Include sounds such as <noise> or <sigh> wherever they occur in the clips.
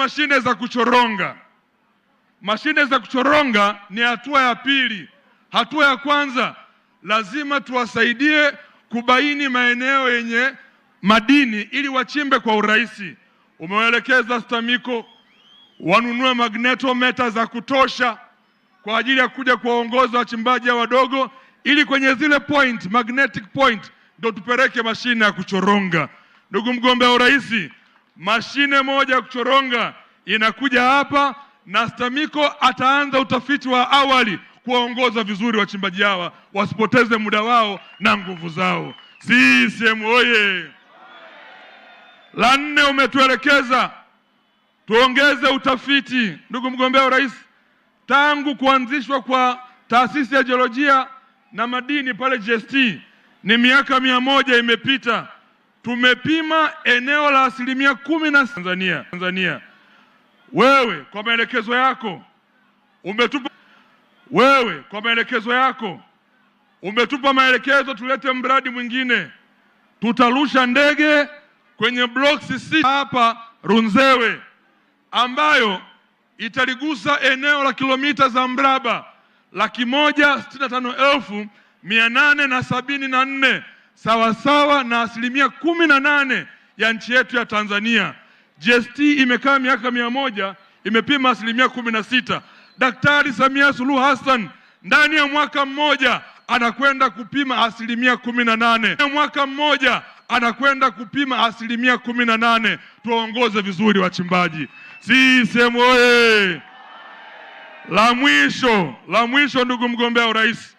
mashine za kuchoronga. Mashine za kuchoronga ni hatua ya pili. Hatua ya kwanza, lazima tuwasaidie kubaini maeneo yenye madini ili wachimbe kwa urahisi. Umewaelekeza stamiko wanunue magnetometa za kutosha kwa ajili ya kuja kuwaongoza wachimbaji hao wadogo, ili kwenye zile point magnetic point ndo tupeleke mashine ya kuchoronga. Ndugu mgombea urais, mashine moja ya kuchoronga inakuja hapa na STAMICO ataanza utafiti wa awali kuwaongoza vizuri wachimbaji hawa wasipoteze muda wao na nguvu zao. CCM oye! La nne, umetuelekeza tuongeze utafiti. Ndugu mgombea urais, tangu kuanzishwa kwa taasisi ya jiolojia na madini pale GST ni miaka mia moja imepita tumepima eneo la asilimia kumi na Tanzania. Tanzania wewe kwa maelekezo yako umetupa wewe kwa maelekezo yako umetupa maelekezo tulete mradi mwingine, tutarusha ndege kwenye block C hapa Runzewe ambayo italigusa eneo la kilomita za mraba laki moja sitini na tano elfu mia nane na sabini na nne sawasawa na asilimia kumi na nane ya nchi yetu ya Tanzania. GST imekaa miaka mia moja imepima asilimia kumi na sita. Daktari Samia Suluhu Hassan ndani ya mwaka mmoja anakwenda kupima asilimia kumi na nane mwaka mmoja anakwenda kupima asilimia kumi na nane. Tuwaongoze vizuri wachimbaji. CCM oye! La mwisho la mwisho, ndugu mgombea urais,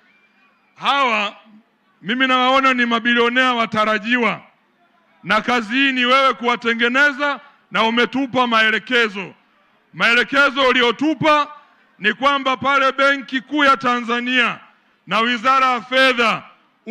hawa mimi nawaona ni mabilionea watarajiwa, na kazi hii ni wewe kuwatengeneza, na umetupa maelekezo. Maelekezo uliotupa ni kwamba pale Benki Kuu ya Tanzania na Wizara ya Fedha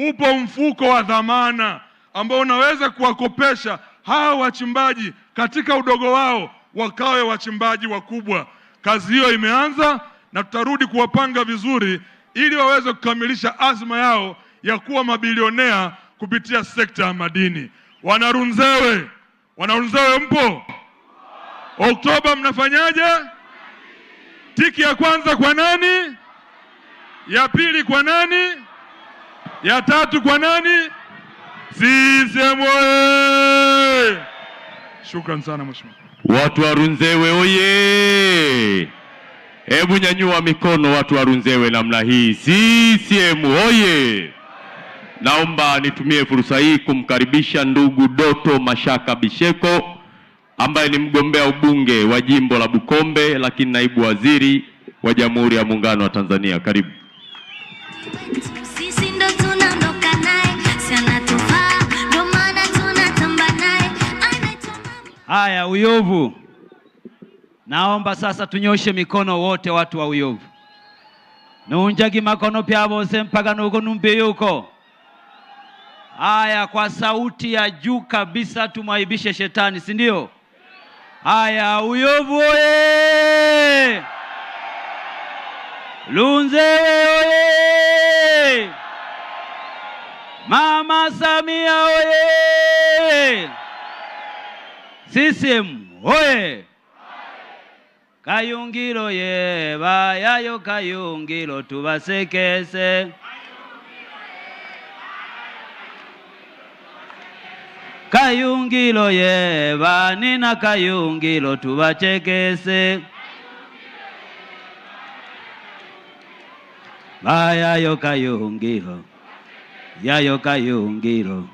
upo mfuko wa dhamana ambao unaweza kuwakopesha hawa wachimbaji katika udogo wao wakawe wachimbaji wakubwa. Kazi hiyo imeanza na tutarudi kuwapanga vizuri ili waweze kukamilisha azma yao ya kuwa mabilionea kupitia sekta ya madini. Wanarunzewe, Wanarunzewe mpo? Oktoba mnafanyaje? Tiki ya kwanza kwa nani? Ya pili kwa nani? Ya tatu kwa nani? CCM oye! Shukran sana mheshimiwa. Watu wa Runzewe oye! Hebu nyanyua mikono watu wa Runzewe namna hii. CCM oye! Naomba nitumie fursa hii kumkaribisha ndugu Doto Mashaka Bisheko ambaye ni mgombea ubunge wa jimbo la Bukombe, lakini naibu waziri wa Jamhuri ya Muungano wa Tanzania. Karibu. Haya, Uyovu, naomba sasa tunyoshe mikono wote, watu wa Uyovu nunjagi makono pyavose mpaka nuko yuko. Haya, kwa sauti ya juu kabisa tumwaibishe shetani, si ndio? Haya, Uyovu oye! Lunzewe oye! Mama Samia oye! sisim oye! Kayungiro ye vayayo Kayungiro tubasekese kayungilo ye banina kayungilo tubachekese bayayo kayungilo yayo kayungilo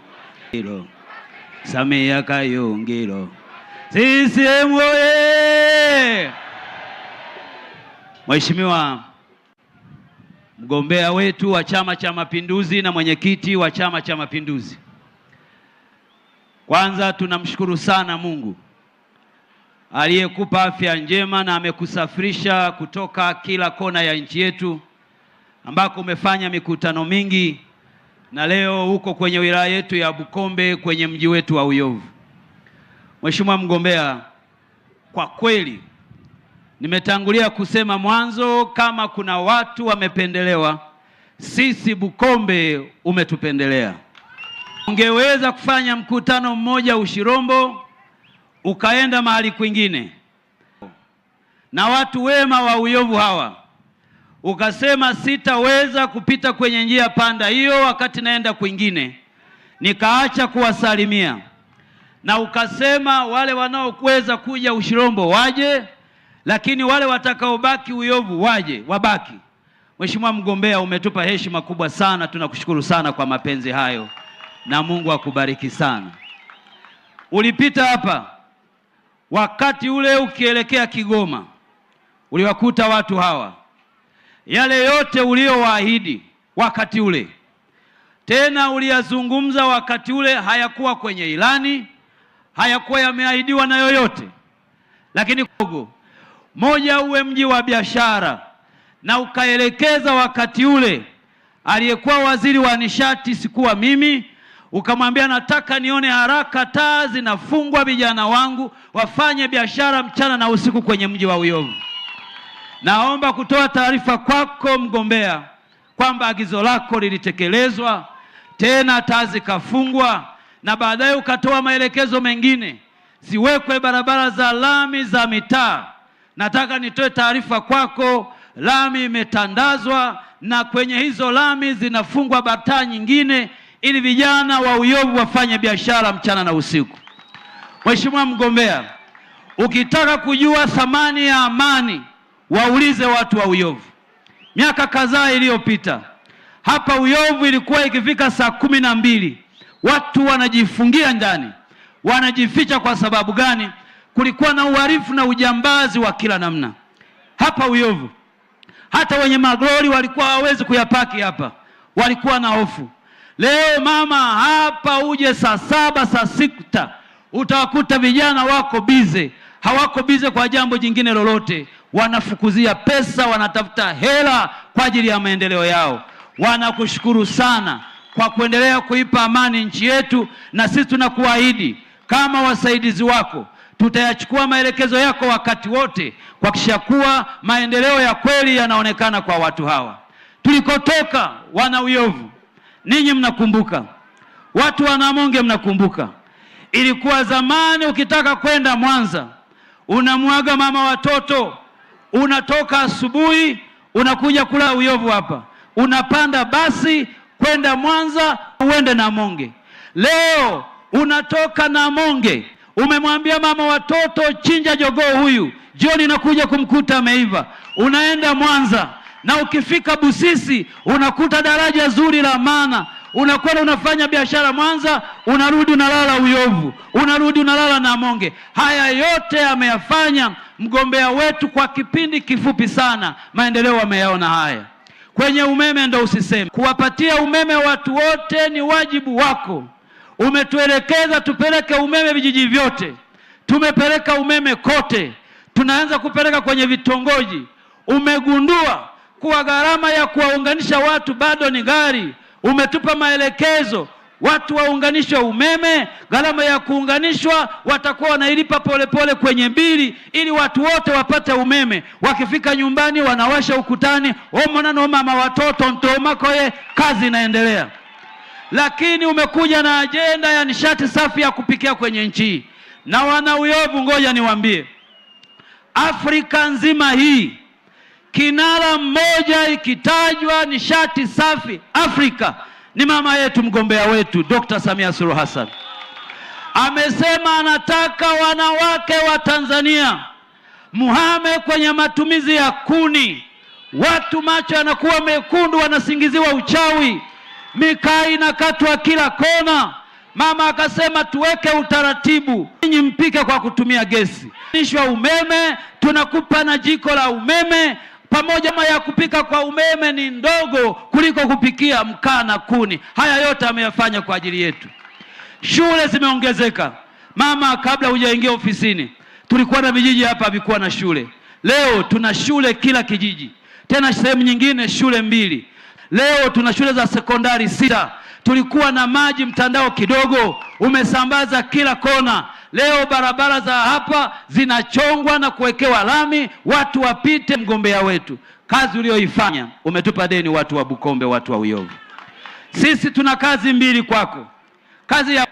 Samia kayungilo CCM oye! Mheshimiwa mgombea wetu wa Chama cha Mapinduzi na mwenyekiti wa Chama cha Mapinduzi kwanza tunamshukuru sana Mungu aliyekupa afya njema na amekusafirisha kutoka kila kona ya nchi yetu ambako umefanya mikutano mingi na leo uko kwenye wilaya yetu ya Bukombe kwenye mji wetu wa Uyovu. Mheshimiwa mgombea, kwa kweli nimetangulia kusema mwanzo, kama kuna watu wamependelewa, sisi Bukombe umetupendelea. Ungeweza kufanya mkutano mmoja Ushirombo, ukaenda mahali kwingine na watu wema wa Uyovu hawa, ukasema sitaweza kupita kwenye njia panda hiyo wakati naenda kwingine, nikaacha kuwasalimia, na ukasema wale wanaoweza kuja Ushirombo waje, lakini wale watakaobaki Uyovu waje, wabaki. Mheshimiwa mgombea, umetupa heshima kubwa sana, tunakushukuru sana kwa mapenzi hayo na Mungu akubariki sana. Ulipita hapa wakati ule ukielekea Kigoma, uliwakuta watu hawa, yale yote uliyowaahidi wakati ule, tena uliyazungumza wakati ule, hayakuwa kwenye ilani, hayakuwa yameahidiwa na yoyote, lakini kogo moja uwe mji wa biashara, na ukaelekeza wakati ule aliyekuwa waziri wa nishati sikuwa mimi ukamwambia nataka nione haraka taa zinafungwa, vijana wangu wafanye biashara mchana na usiku kwenye mji wa Uyovu. Naomba kutoa taarifa kwako mgombea kwamba agizo lako lilitekelezwa, tena taa zikafungwa, na baadaye ukatoa maelekezo mengine ziwekwe barabara za lami za mitaa. Nataka nitoe taarifa kwako, lami imetandazwa na kwenye hizo lami zinafungwa bataa nyingine ili vijana wa Uyovu wafanye biashara mchana na usiku. Mheshimiwa mgombea, ukitaka kujua thamani ya amani, waulize watu wa Uyovu. Miaka kadhaa iliyopita hapa Uyovu ilikuwa ikifika saa kumi na mbili watu wanajifungia ndani, wanajificha. Kwa sababu gani? Kulikuwa na uhalifu na ujambazi wa kila namna hapa Uyovu. Hata wenye maglori walikuwa hawawezi kuyapaki hapa, walikuwa na hofu. Leo mama, hapa uje saa saba saa sita, utawakuta vijana wako bize, hawako bize kwa jambo jingine lolote, wanafukuzia pesa, wanatafuta hela kwa ajili ya maendeleo yao. Wanakushukuru sana kwa kuendelea kuipa amani nchi yetu, na sisi tunakuahidi kama wasaidizi wako tutayachukua maelekezo yako wakati wote kuhakikisha kuwa maendeleo ya kweli yanaonekana kwa watu hawa. Tulikotoka wana Uyovu ninyi mnakumbuka, watu wa Namonge mnakumbuka, ilikuwa zamani ukitaka kwenda Mwanza unamwaga mama watoto, unatoka asubuhi, unakuja kula uyovu hapa, unapanda basi kwenda Mwanza uende Namonge. Leo unatoka Namonge, umemwambia mama watoto, chinja jogoo huyu, jioni nakuja kumkuta ameiva, unaenda Mwanza na ukifika Busisi unakuta daraja zuri la maana, unakwenda unafanya biashara Mwanza, unarudi unalala Uyovu, unarudi unalala Namonge. Haya yote ameyafanya mgombea wetu kwa kipindi kifupi sana, maendeleo wameyaona haya. Kwenye umeme ndo usiseme, kuwapatia umeme watu wote ni wajibu wako. Umetuelekeza tupeleke umeme vijiji vyote, tumepeleka umeme kote, tunaanza kupeleka kwenye vitongoji. Umegundua kuwa gharama ya kuwaunganisha watu bado ni gari. Umetupa maelekezo watu waunganishwe umeme, gharama ya kuunganishwa watakuwa wanailipa polepole kwenye bili, ili watu wote wapate umeme. Wakifika nyumbani wanawasha ukutani, oh, mama watoto ntomakoye, kazi inaendelea. Lakini umekuja na ajenda ya nishati safi ya kupikia kwenye nchi hii na wana Uyovu, ngoja niwaambie, Afrika nzima hii kinara mmoja ikitajwa nishati safi Afrika ni mama yetu, mgombea wetu Dr. Samia Suluhu Hassan amesema anataka wanawake wa Tanzania muhame kwenye matumizi ya kuni. Watu macho yanakuwa mekundu, wanasingiziwa uchawi, mikaa inakatwa kila kona. Mama akasema tuweke utaratibu, ninyi mpike kwa kutumia gesi, nishwa umeme, tunakupa na jiko la umeme pamoja ma ya kupika kwa umeme ni ndogo kuliko kupikia mkaa na kuni. Haya yote ameyafanya kwa ajili yetu. Shule zimeongezeka. Mama, kabla hujaingia ofisini, tulikuwa na vijiji hapa havikuwa na shule. Leo tuna shule kila kijiji, tena sehemu nyingine shule mbili. Leo tuna shule za sekondari sita. Tulikuwa na maji mtandao kidogo, umesambaza kila kona. Leo barabara za hapa zinachongwa na kuwekewa lami, watu wapite. Mgombea wetu, kazi uliyoifanya umetupa deni, watu wa Bukombe, watu wa Uyovu. Sisi tuna kazi mbili kwako. Kazi ya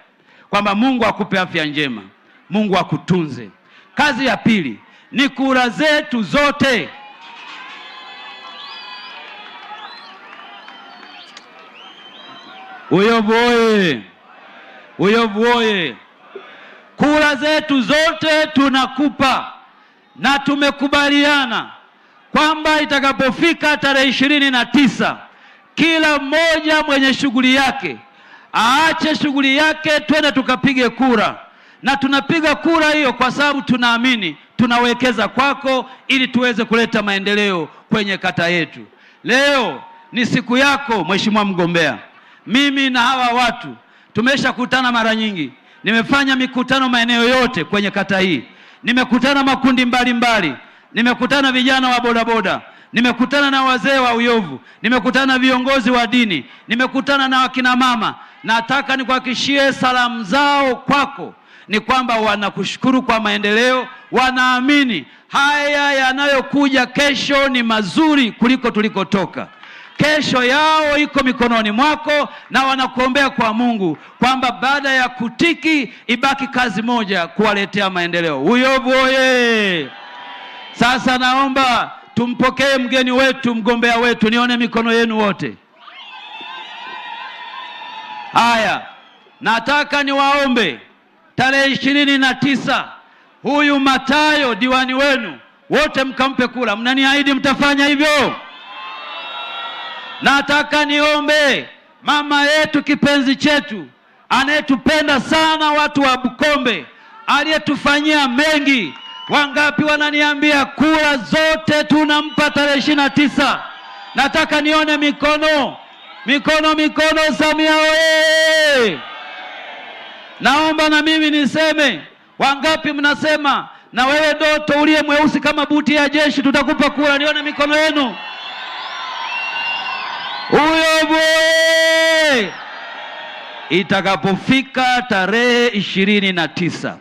kwamba Mungu akupe afya njema, Mungu akutunze. Kazi ya pili ni kura zetu zote. Uyovu oye! Uyovu oye! kura zetu zote tunakupa, na tumekubaliana kwamba itakapofika tarehe ishirini na tisa kila mmoja mwenye shughuli yake aache shughuli yake, twende tukapige kura. Na tunapiga kura hiyo kwa sababu tunaamini tunawekeza kwako, ili tuweze kuleta maendeleo kwenye kata yetu. Leo ni siku yako, mheshimiwa mgombea. Mimi na hawa watu tumeshakutana mara nyingi. Nimefanya mikutano maeneo yote kwenye kata hii, nimekutana makundi mbalimbali mbali. Nimekutana vijana wa bodaboda, nimekutana na wazee wa uyovu, nimekutana na viongozi wa dini, nimekutana na wakina mama. Nataka nikuhakishie salamu zao kwako ni kwamba wanakushukuru kwa maendeleo, wanaamini haya yanayokuja kesho ni mazuri kuliko tulikotoka kesho yao iko mikononi mwako, na wanakuombea kwa Mungu kwamba baada ya kutiki ibaki kazi moja, kuwaletea maendeleo. Uyovu oye! Sasa naomba tumpokee mgeni wetu, mgombea wetu, nione mikono yenu wote. Haya, nataka niwaombe tarehe ishirini na tisa huyu Matayo diwani wenu wote mkampe kura. Mnaniahidi mtafanya hivyo? Nataka niombe mama yetu kipenzi chetu anayetupenda sana, watu wa Bukombe, aliyetufanyia mengi. Wangapi wananiambia kura zote tunampa tarehe ishirini na tisa? Nataka nione mikono, mikono, mikono. Samia oye! Naomba na mimi niseme. Wangapi mnasema na wewe Doto uliye mweusi kama buti ya jeshi, tutakupa kura? Nione mikono yenu huyo boye. Itakapofika tarehe ishirini na tisa,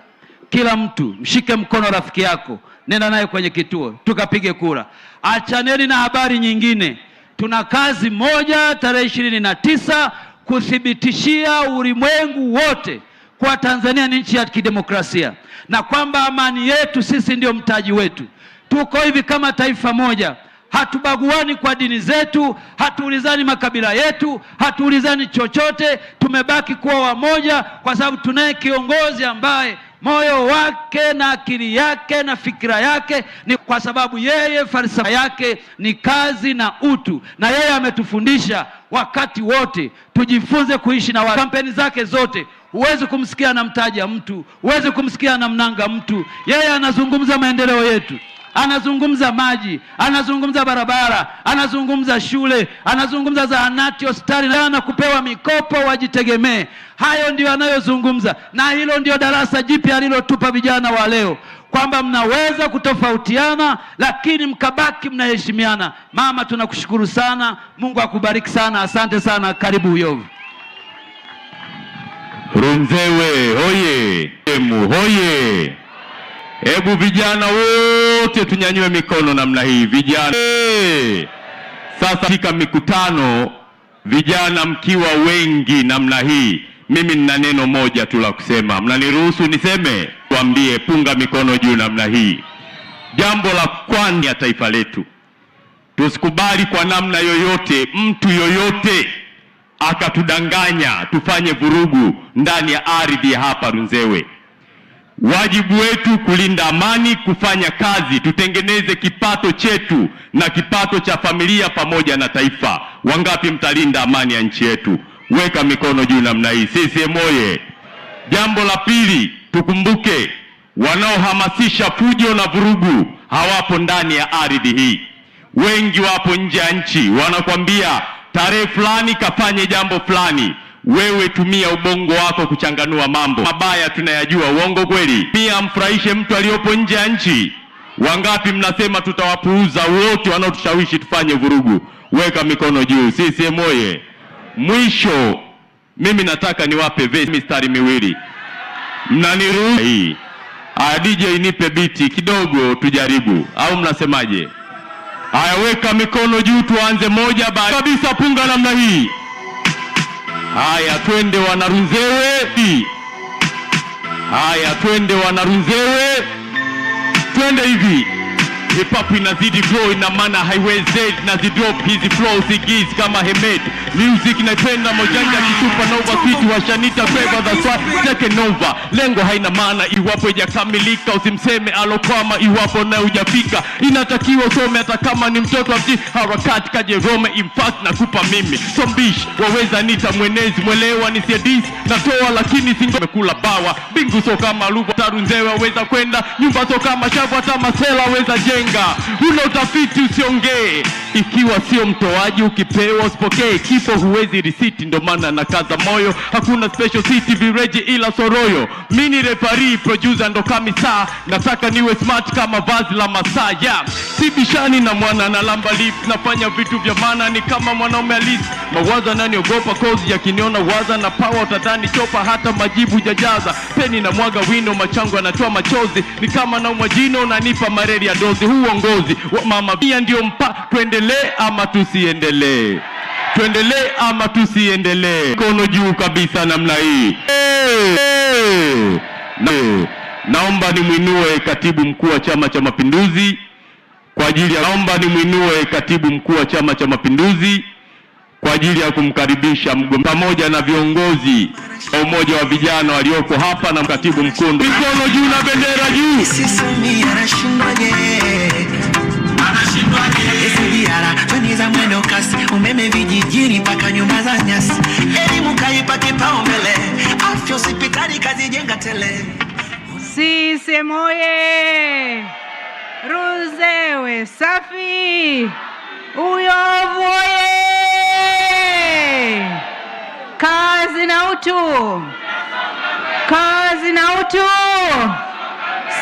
kila mtu mshike mkono rafiki yako, nenda naye kwenye kituo tukapige kura. Achaneni na habari nyingine, tuna kazi moja tarehe ishirini na tisa kuthibitishia ulimwengu wote kwa Tanzania ni nchi ya kidemokrasia na kwamba amani yetu sisi ndio mtaji wetu. Tuko hivi kama taifa moja hatubaguani kwa dini zetu, hatuulizani makabila yetu, hatuulizani chochote. Tumebaki kuwa wamoja kwa sababu tunaye kiongozi ambaye moyo wake na akili yake na fikira yake ni kwa sababu yeye falsafa yake ni kazi na utu, na yeye ametufundisha wakati wote tujifunze kuishi na watu. Kampeni zake zote huwezi kumsikia anamtaja mtu, huwezi kumsikia anamnanga mtu. Yeye anazungumza maendeleo yetu anazungumza maji, anazungumza barabara, anazungumza shule, anazungumza zahanati, hospitali na kupewa mikopo wajitegemee. Hayo ndio anayozungumza, na hilo ndio darasa jipya alilotupa vijana wa leo kwamba mnaweza kutofautiana lakini mkabaki mnaheshimiana. Mama, tunakushukuru sana. Mungu akubariki sana, asante sana. Karibu Uyovu. Runzewe hoye! Hoye! Hebu vijana wote tunyanyue mikono namna hii vijana. Sasa katika mikutano vijana mkiwa wengi namna hii, mimi nina neno moja tu la kusema, mnaniruhusu niseme? Tuambie, punga mikono juu namna hii. Jambo la kwani ya taifa letu, tusikubali kwa namna yoyote mtu yoyote akatudanganya tufanye vurugu ndani ya ardhi ya hapa Runzewe. Wajibu wetu kulinda amani, kufanya kazi, tutengeneze kipato chetu na kipato cha familia pamoja na taifa. Wangapi mtalinda amani ya nchi yetu? Weka mikono juu namna hii. CCM oye! Jambo la pili, tukumbuke wanaohamasisha fujo na vurugu hawapo ndani ya ardhi hii, wengi wapo nje ya nchi. Wanakwambia tarehe fulani kafanye jambo fulani wewe tumia ubongo wako kuchanganua mambo. Mabaya tunayajua, uongo kweli? Pia amfurahishe mtu aliyopo nje ya nchi. Wangapi mnasema tutawapuuza wote wanaotushawishi tufanye vurugu? Weka mikono juu. CCM oye! Mwisho mimi nataka niwape vesi mistari miwili, mnaniruhusu hii? Aya, ah, DJ nipe biti kidogo tujaribu, au mnasemaje? Haya, weka mikono juu, tuanze moja baada kabisa, punga namna hii. Haya, twende Wanarunzewe. Haya, twende Wanarunzewe, twende hivi. Hip hop inazidi grow, ina maana haiwezei, nazidrop hizi flows igiz kama Hemed music naipenda Mojanja kitupa nova kitu washanita feva dhaswa teke nova. Lengo haina maana iwapo ijakamilika, usimseme alokwama iwapo na hujafika. Inatakiwa usome hata kama ni mtoto wa mji harakati kaje Rome. In fact mimi sombish waweza nita mwenezi mwelewa ni nisiedis natoa lakini mekula bawa bingu so kama lugo taru nzewe waweza kwenda nyumba so kama shavu hata masela waweza jenga, huna utafiti usiongee ikiwa sio mtoaji, ukipewa usipokee, kipo huwezi risiti. Ndo maana na kaza moyo, hakuna special city vireji ila soroyo. Mi ni refari producer, ndo kami nataka niwe smart kama vazi la masaa ya yeah. Sibishani na mwana na lamba lift nafanya vitu vya maana, ni kama mwanaume halisi. Mawazo ananiogopa kozi, yakiniona waza na pawa utadhani chopa, hata majibu jajaza peni na mwaga wino, machango anatoa machozi, ni kama na umwajino unanipa mareri ya dozi. Huu uongozi mama pia ndio mpa tuende tuendelee ama tusiendelee? Tuendelee ama tusiendelee? Mikono juu kabisa namna hii. Hey, hey, na, naomba nimwinue katibu mkuu wa Chama cha Mapinduzi kwa ajili ya naomba nimwinue katibu mkuu wa Chama cha Mapinduzi kwa ajili ya kumkaribisha mgombea pamoja na viongozi wa umoja wa vijana walioko hapa na katibu mkuu. Mikono juu na bendera juu barabara, fani za mwendo kasi, umeme vijijini mpaka nyumba za nyasi, elimu kaipa kipaumbele, afya hospitali kazijenga tele. sisemoye ruzewe safi! Uyovu Kazi na utu, kazi na utu,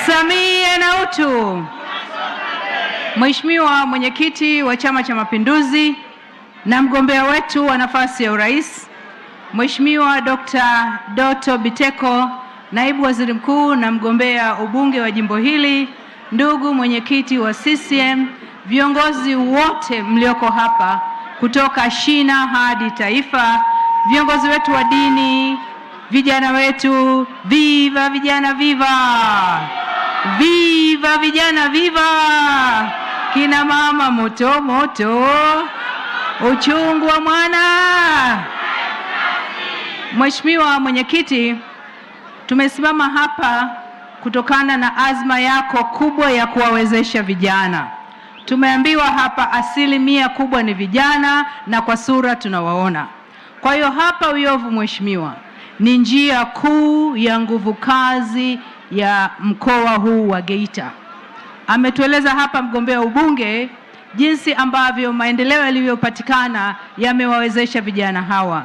Samia na utu. Mheshimiwa mwenyekiti wa Chama cha Mapinduzi na mgombea wetu wa nafasi ya urais Mheshimiwa Dr. Doto Biteko, naibu waziri mkuu na mgombea ubunge wa jimbo hili, ndugu mwenyekiti wa CCM, viongozi wote mlioko hapa kutoka shina hadi taifa, viongozi wetu wa dini, vijana wetu, viva vijana, viva viva vijana, viva Kina mama moto moto, uchungu wa mwana. Mheshimiwa Mwenyekiti, tumesimama hapa kutokana na azma yako kubwa ya kuwawezesha vijana. Tumeambiwa hapa asilimia kubwa ni vijana na kwa sura tunawaona. Kwa hiyo hapa Uyovu, Mheshimiwa, ni njia kuu ya nguvu kazi ya mkoa huu wa Geita. Ametueleza hapa mgombea ubunge jinsi ambavyo maendeleo yaliyopatikana yamewawezesha vijana hawa.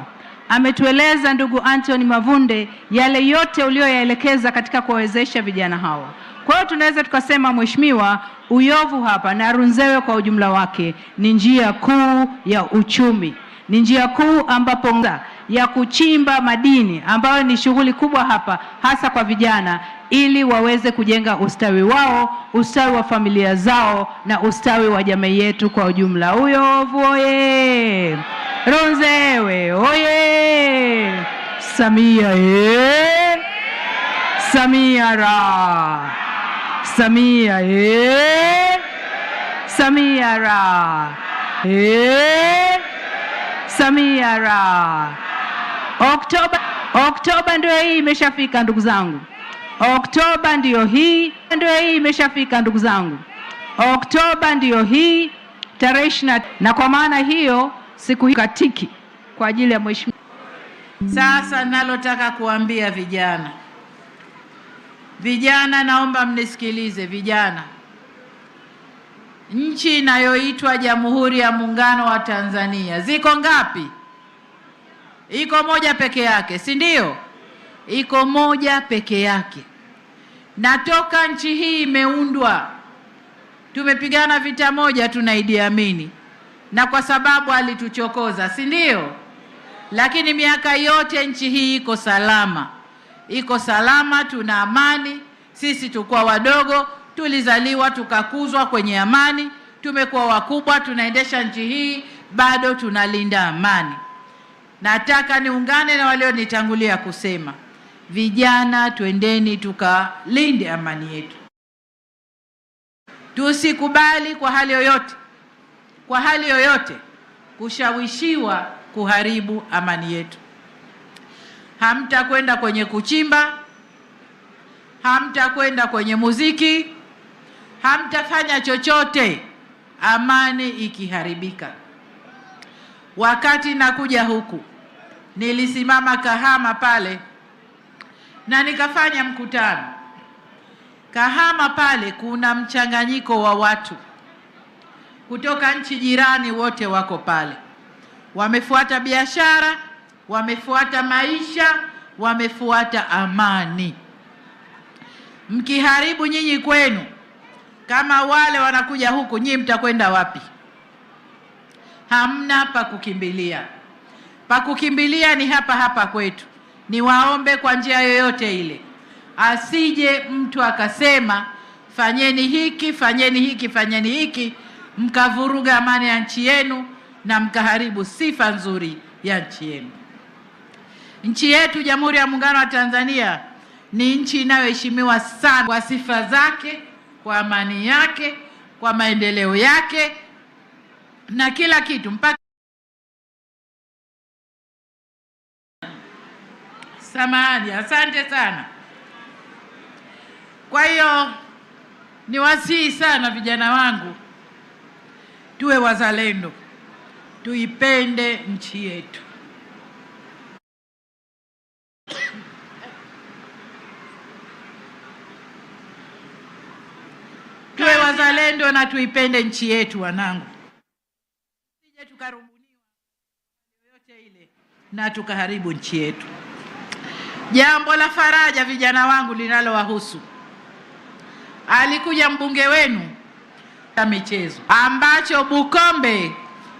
Ametueleza ndugu Anthony Mavunde yale yote uliyoyaelekeza katika kuwawezesha vijana hawa. Kwa hiyo tunaweza tukasema, mheshimiwa, Uyovu hapa na Runzewe kwa ujumla wake ni njia kuu ya uchumi, ni njia kuu ambapo ya kuchimba madini ambayo ni shughuli kubwa hapa hasa kwa vijana ili waweze kujenga ustawi wao, ustawi wa familia zao na ustawi wa jamii yetu kwa ujumla. Uyovu oye! Ronzewe oye! Samia ye! Samia ra! Samia ye! Samia ra! Ye! Samia ra! Oktoba, Oktoba ndio hii imeshafika ndugu zangu. Oktoba ndiyo hii, ndio hii imeshafika ndugu zangu, Oktoba ndiyo hii tarehe ishirini na kwa maana hiyo siku hii katiki kwa ajili ya mheshimiwa. Sasa nalotaka kuambia vijana, vijana, naomba mnisikilize vijana. Nchi inayoitwa Jamhuri ya Muungano wa Tanzania ziko ngapi? Iko moja peke yake, si ndio? iko moja peke yake, na toka nchi hii imeundwa tumepigana vita moja, tuna Idi Amin, na kwa sababu alituchokoza, si ndio? Lakini miaka yote nchi hii iko salama, iko salama, tuna amani. Sisi tukuwa wadogo, tulizaliwa tukakuzwa kwenye amani, tumekuwa wakubwa, tunaendesha nchi hii, bado tunalinda amani. Nataka niungane na walionitangulia kusema Vijana twendeni tukalinde amani yetu, tusikubali kwa hali yoyote, kwa hali yoyote kushawishiwa kuharibu amani yetu. Hamtakwenda kwenye kuchimba, hamtakwenda kwenye muziki, hamtafanya chochote amani ikiharibika. Wakati nakuja huku nilisimama Kahama pale na nikafanya mkutano Kahama. Pale kuna mchanganyiko wa watu kutoka nchi jirani, wote wako pale, wamefuata biashara, wamefuata maisha, wamefuata amani. Mkiharibu nyinyi kwenu, kama wale wanakuja huku, nyinyi mtakwenda wapi? Hamna pa kukimbilia. Pa kukimbilia ni hapa hapa kwetu niwaombe kwa njia yoyote ile, asije mtu akasema fanyeni hiki fanyeni hiki fanyeni hiki, mkavuruga amani ya nchi yenu na mkaharibu sifa nzuri ya nchi yenu. Nchi yetu Jamhuri ya Muungano wa Tanzania ni nchi inayoheshimiwa sana kwa sifa zake, kwa amani yake, kwa maendeleo yake na kila kitu mpaka Samahani, asante sana. Kwa hiyo niwasihi sana vijana wangu, tuwe wazalendo, tuipende nchi yetu. Tuwe wazalendo na tuipende nchi yetu, wanangu, sije tukarubuniwa yoyote ile na tukaharibu nchi yetu. Jambo la faraja vijana wangu linalowahusu, alikuja mbunge wenu ya michezo, ambacho Bukombe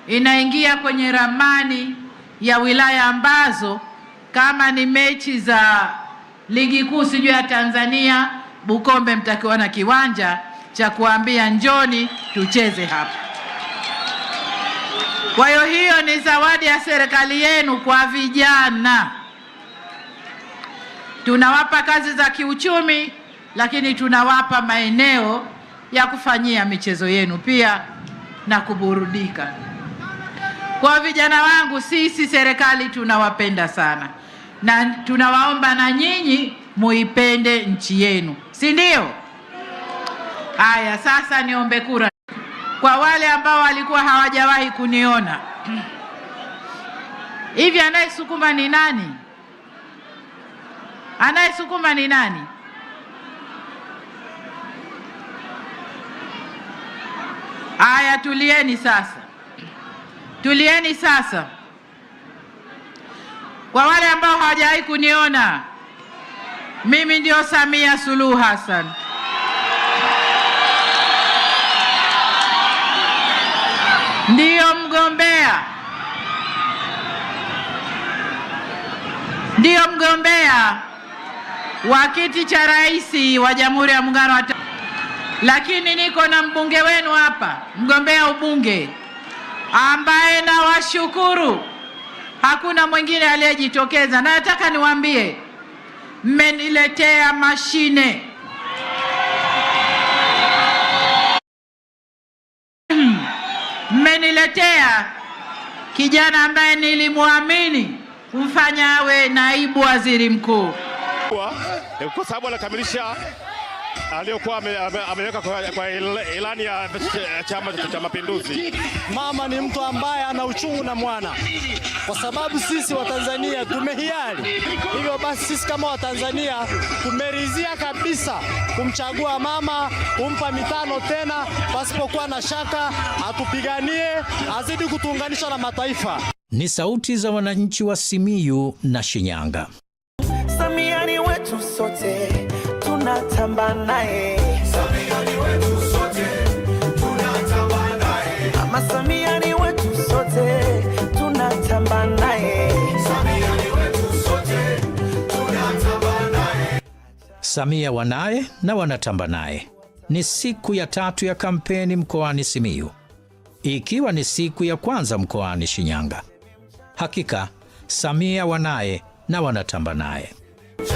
inaingia kwenye ramani ya wilaya ambazo kama ni mechi za ligi kuu sijui ya Tanzania, Bukombe mtakiwa na kiwanja cha kuambia njoni tucheze hapa. Kwa hiyo hiyo ni zawadi ya serikali yenu kwa vijana. Tunawapa kazi za kiuchumi, lakini tunawapa maeneo ya kufanyia michezo yenu pia na kuburudika. Kwa vijana wangu, sisi serikali tunawapenda sana na tunawaomba na nyinyi muipende nchi yenu, si ndio? Haya, sasa niombe kura kwa wale ambao walikuwa hawajawahi kuniona. <clears throat> Hivi anayesukuma ni nani? Anayesukuma ni nani? Aya, tulieni sasa, tulieni sasa. Kwa wale ambao hawajawahi kuniona mimi, ndio Samia Suluhu Hassan. Ndiyo mgombea, ndiyo mgombea wa kiti cha rais wa Jamhuri ya Muungano wa lakini niko na mbunge wenu hapa, mgombea ubunge ambaye nawashukuru, hakuna mwingine aliyejitokeza, na nataka niwaambie, mmeniletea mashine <clears throat> mmeniletea kijana ambaye nilimwamini kumfanya awe naibu waziri mkuu kwa sababu anakamilisha aliyokuwa ameweka kwa ilani ya Chama cha Mapinduzi. Mama ni mtu ambaye ana uchungu na mwana, kwa sababu sisi Watanzania tumehiari. Hivyo basi sisi kama Watanzania tumeridhia kabisa kumchagua mama, kumpa mitano tena pasipokuwa na shaka, atupiganie, azidi kutuunganisha na mataifa. Ni sauti za wananchi wa Simiyu na Shinyanga sote tunatamba naye Mama Samia ni wetu sote tunatamba naye. Samia wanaye na wanatamba naye. Ni siku ya tatu ya kampeni mkoani Simiyu, ikiwa ni siku ya kwanza mkoani Shinyanga. Hakika Samia wanaye na wanatamba naye.